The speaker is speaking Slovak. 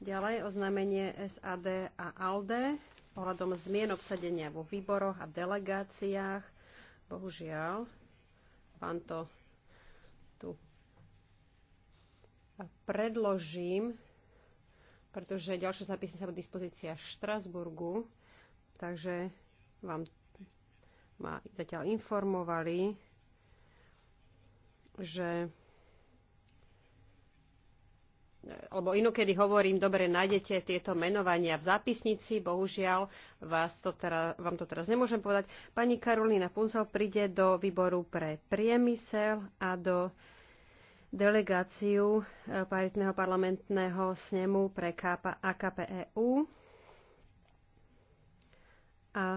Ďalej oznámenie SAD a ALDE ohľadom zmien obsadenia vo výboroch a delegáciách. Bohužiaľ, vám to tu predložím, pretože ďalšie zápisy sa bude dispozícia v Štrasburgu, takže vám ma zatiaľ informovali, že alebo inokedy hovorím, dobre, nájdete tieto menovania v zápisnici, bohužiaľ vás to tera, vám to teraz nemôžem povedať. Pani Karolina Punzel príde do výboru pre priemysel a do delegáciu eh, paritného parlamentného snemu pre AKPEU